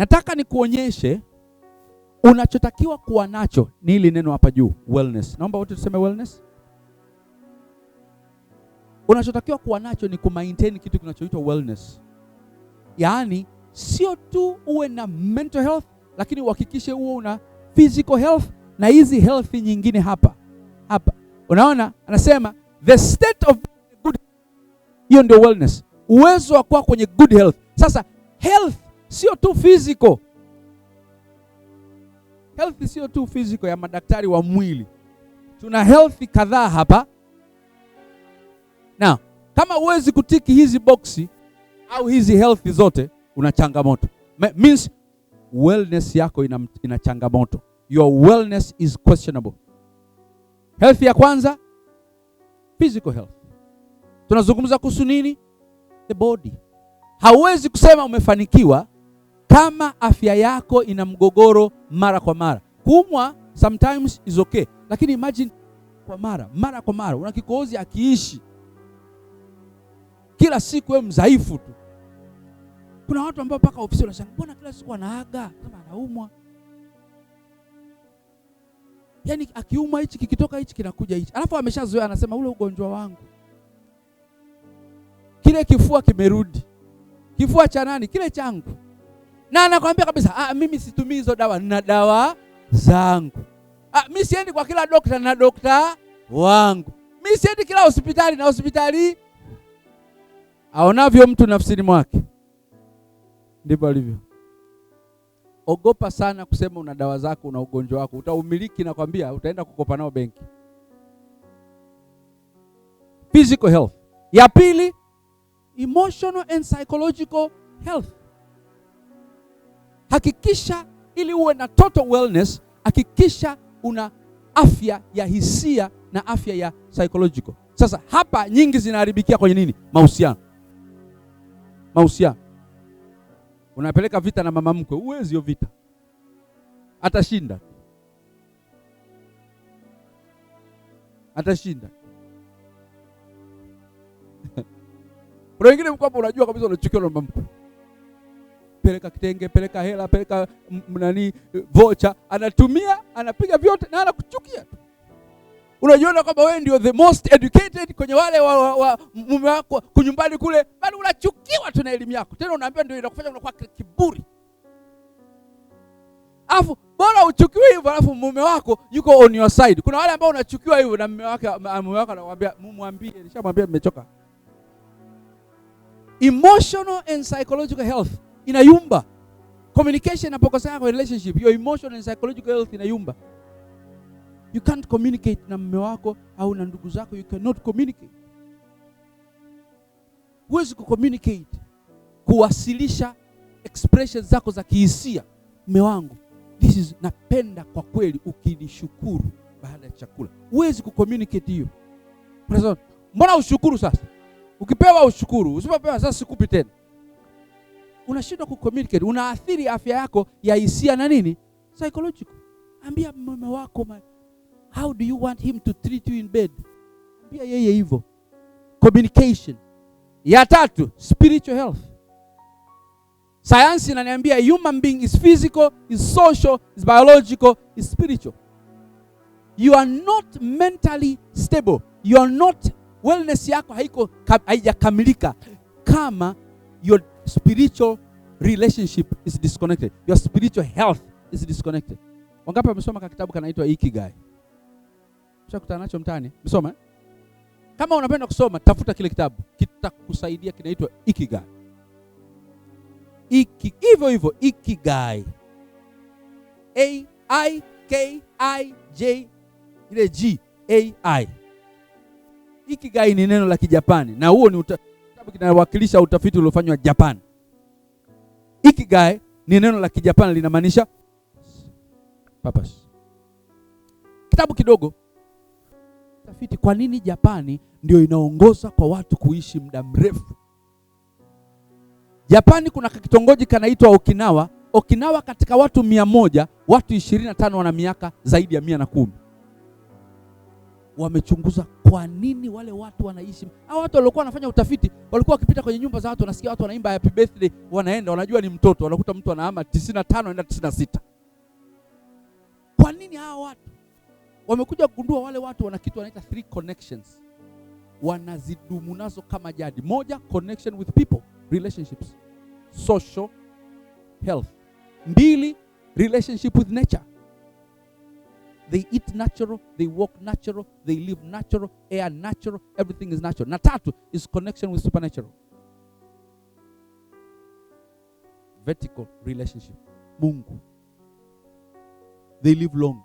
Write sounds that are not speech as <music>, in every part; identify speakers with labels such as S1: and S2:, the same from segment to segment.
S1: Nataka nikuonyeshe unachotakiwa kuwa nacho ni hili neno hapa juu wellness. Naomba wote tuseme wellness. Unachotakiwa kuwa nacho ni kumaintain kitu kinachoitwa wellness, yaani sio tu uwe na mental health, lakini uhakikishe uwe una physical health na hizi health nyingine hapa hapa. Unaona, anasema the state of good, hiyo ndio wellness, uwezo wa kuwa kwenye good health. Sasa health sio tu physical health, sio tu physical ya madaktari wa mwili. Tuna health kadhaa hapa na kama huwezi kutiki hizi boksi au hizi health zote, una changamoto means wellness yako ina, ina changamoto. Your wellness is questionable. Health ya kwanza physical health, tunazungumza kuhusu nini? The body. Hauwezi kusema umefanikiwa kama afya yako ina mgogoro mara kwa mara. Kuumwa sometimes is okay, lakini imagine kwa mara mara kwa mara, una kikohozi akiishi kila siku, wewe mdhaifu tu. Kuna watu ambao mpaka ofisi wanashangaa, mbona kila siku anaaga kama anaumwa? Yaani akiumwa hichi kikitoka hichi kinakuja hichi, alafu ameshazoea, anasema ule ugonjwa wangu. Kile kifua kimerudi, kifua cha nani? Kile changu na anakwambia kabisa, ah, mimi situmii hizo dawa, nina dawa zangu. Ah, mimi siendi kwa kila dokta na dokta wangu, mimi siendi kila hospitali na hospitali. Aonavyo mtu nafsini mwake ndivyo alivyo. Ogopa sana kusema una dawa zako, una ugonjwa wako, utaumiliki. Nakwambia utaenda kukopa nao benki. Physical health. Ya pili, emotional and psychological health. Hakikisha ili uwe na total wellness, hakikisha una afya ya hisia na afya ya psychological. Sasa hapa nyingi zinaharibikia kwenye nini? Mahusiano, mahusiano. Unapeleka vita na mama mkwe, uwezi hiyo vita, atashinda atashinda. <laughs> Kuna wengine mkwamba unajua kabisa unachukiwa na mama mkwe peleka kitenge, peleka hela, peleka mm, mm, nani, vocha. Anatumia, anapiga vyote na anakuchukia. Unajiona kwamba wewe ndio the most educated kwenye wale wa, wa, wa mume wako kunyumbani kule, bali unachukiwa tu na elimu yako. Tena unaambiwa ndio inakufanya unakuwa kiburi. Alafu bora uchukiwe hivyo, alafu mume wako yuko on your side. Kuna wale ambao unachukiwa hivyo na mume wako, ah, mume wako anakuambia mumwambie, nishamwambia nimechoka. Emotional and psychological health inayumba. Communication inapokosea kwa relationship, your emotional and psychological health inayumba. You can't communicate na mume wako au na ndugu zako, you cannot communicate. Huwezi kucommunicate, kuwasilisha expressions zako za kihisia. Mume wangu, this is napenda kwa kweli ukinishukuru baada ya chakula. Huwezi kucommunicate hiyo. Mbona ushukuru sasa? Ukipewa ushukuru, usipopewa sasa sikupi tena unashindwa kucommunicate, unaathiri afya yako ya hisia na nini psychological. Ambia mume wako ma, how do you want him to treat you in bed? Ambia yeye hivyo. Communication. Ya tatu, spiritual health. Sayansi inaniambia human being is physical, is social, is biological, is spiritual. You are not mentally stable. You are not wellness yako haiko haijakamilika kama your spiritual relationship is disconnected. Your spiritual health is disconnected. Wangapi wamesoma kitabu kanaitwa Ikigai? Mshakutana nacho mtani? Msoma? Kama unapenda kusoma, tafuta kile kitabu. Kitakusaidia kinaitwa Ikigai. Iki hivyo hivyo Ikigai. A I K I J ile G A I. Ikigai ni neno la Kijapani na huo ni uta, kitabu kinawakilisha utafiti uliofanywa Japan. Ikigai ni neno la Kijapani linamaanisha purpose. Kitabu kidogo tafiti, kwa nini Japani ndio inaongoza kwa watu kuishi muda mrefu. Japani kuna kitongoji kanaitwa Okinawa. Okinawa katika watu mia moja, watu 25 wana miaka zaidi ya mia na kumi wamechunguza kwa nini wale watu wanaishi. Hao watu waliokuwa wanafanya utafiti walikuwa wakipita kwenye nyumba za watu, wanasikia watu wanaimba happy birthday, wanaenda wanajua ni mtoto, wanakuta mtu anahama 95 anaenda 96. Kwa nini hao watu? Wamekuja kugundua wale watu wana kitu wanaita three connections, wanazidumu nazo kama jadi moja, connection with people, relationships, social health; mbili, relationship with nature they eat natural, they walk natural, they live natural, air natural, everything is natural. Na tatu is connection with supernatural. Vertical relationship. Mungu. They live long.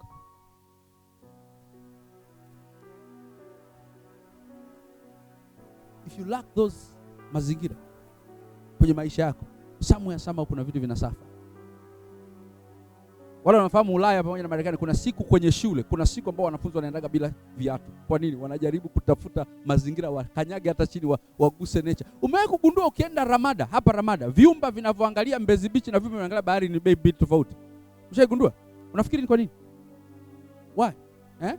S1: If you lack those mazingira kwenye maisha yako, somewhere somehow, kuna vitu vinasafa. Wale wanafahamu Ulaya pamoja na Marekani, kuna siku kwenye shule, kuna siku ambao wanafunzi wanaendaga bila viatu. Kwa nini? Wanajaribu kutafuta mazingira, wakanyage hata chini, wa, waguse nature. Umewahi kugundua ukienda Ramada, hapa Ramada, viumba vinavyoangalia Mbezi Beach na viumba vinavyoangalia bahari ni bei tofauti. Ushaigundua? Unafikiri ni kwa nini? Why? Eh?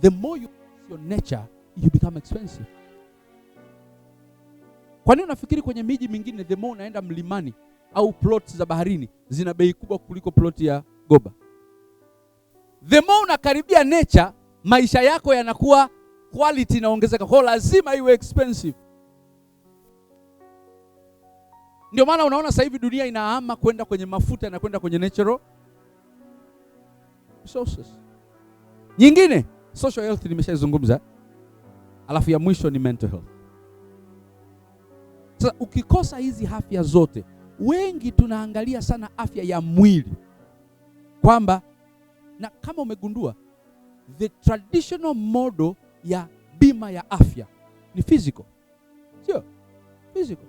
S1: The more you your nature, you become expensive. Kwa nini unafikiri kwenye miji mingine the more unaenda mlimani au plot za baharini zina bei kubwa kuliko plot ya Goba. The more unakaribia nature, maisha yako yanakuwa quality inaongezeka, kwa lazima iwe expensive. Ndio maana unaona sasa hivi dunia inahama kwenda kwenye mafuta na kwenda kwenye natural resources. Nyingine social health nimeshaizungumza, alafu ya mwisho ni mental health. Sasa ukikosa hizi afya zote wengi tunaangalia sana afya ya mwili kwamba, na kama umegundua the traditional model ya bima ya afya ni physical, sio physical.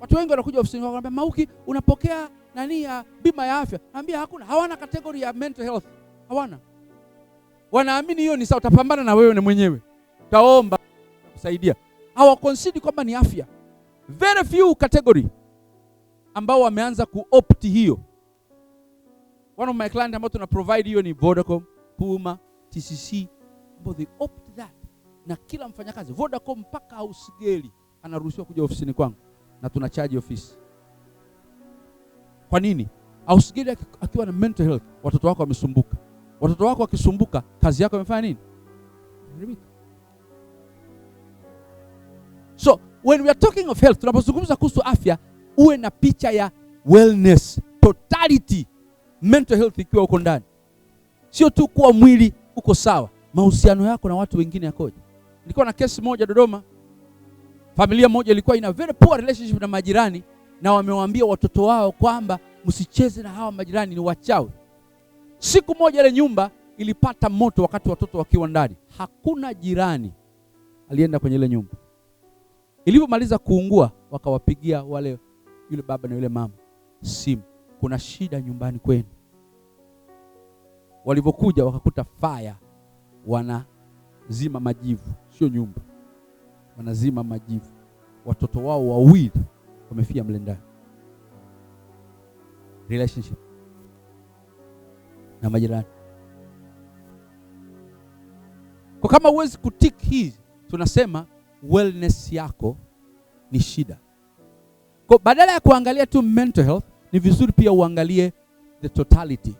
S1: Watu wengi wanakuja ofisini wanambia, Mauki, unapokea nani ya bima ya afya? Naambia hakuna, hawana category ya mental health, hawana. Wanaamini hiyo ni sawa, utapambana na wewe mwenyewe, utaomba kusaidia, hawakonsidi kwamba ni afya. Very few category ambao wameanza kuopt hiyo. One of my client ambao tuna provide hiyo ni Vodacom, Puma, TCC ambao they opt that, na kila mfanyakazi Vodacom mpaka hausigeli anaruhusiwa kuja ofisini kwangu na tuna charge ofisi. Kwa nini? Ausigeli akiwa na mental health, watoto wako wamesumbuka. Watoto wako wakisumbuka, kazi yako imefanya nini? So when we are talking of health, tunapozungumza kuhusu afya uwe na picha ya wellness totality, mental health ikiwa uko ndani, sio tu kuwa mwili uko sawa, mahusiano yako na watu wengine yakoje? Nilikuwa na kesi moja Dodoma, familia moja ilikuwa ina very poor relationship na majirani, na wamewaambia watoto wao kwamba msicheze na hawa majirani, ni wachawi. Siku moja ile nyumba ilipata moto wakati watoto wakiwa ndani, hakuna jirani alienda kwenye ile nyumba. Ilipomaliza kuungua, wakawapigia wale yule baba na yule mama simu, kuna shida nyumbani kwenu. Walivyokuja wakakuta faya, wanazima majivu, sio nyumba, wanazima majivu. Watoto wao wawili wamefia mle ndani, relationship na majirani. Kwa kama huwezi kutiki hizi, tunasema wellness yako ni shida. Kwa badala ya kuangalia tu mental health, ni vizuri pia uangalie the totality.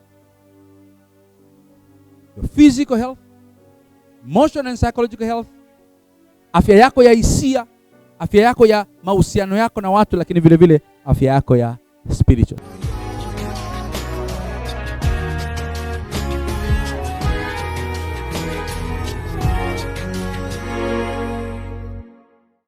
S1: Your physical health, emotional and psychological health, afya yako ya hisia, afya yako ya mahusiano yako na watu, lakini vile vile afya yako ya spiritual.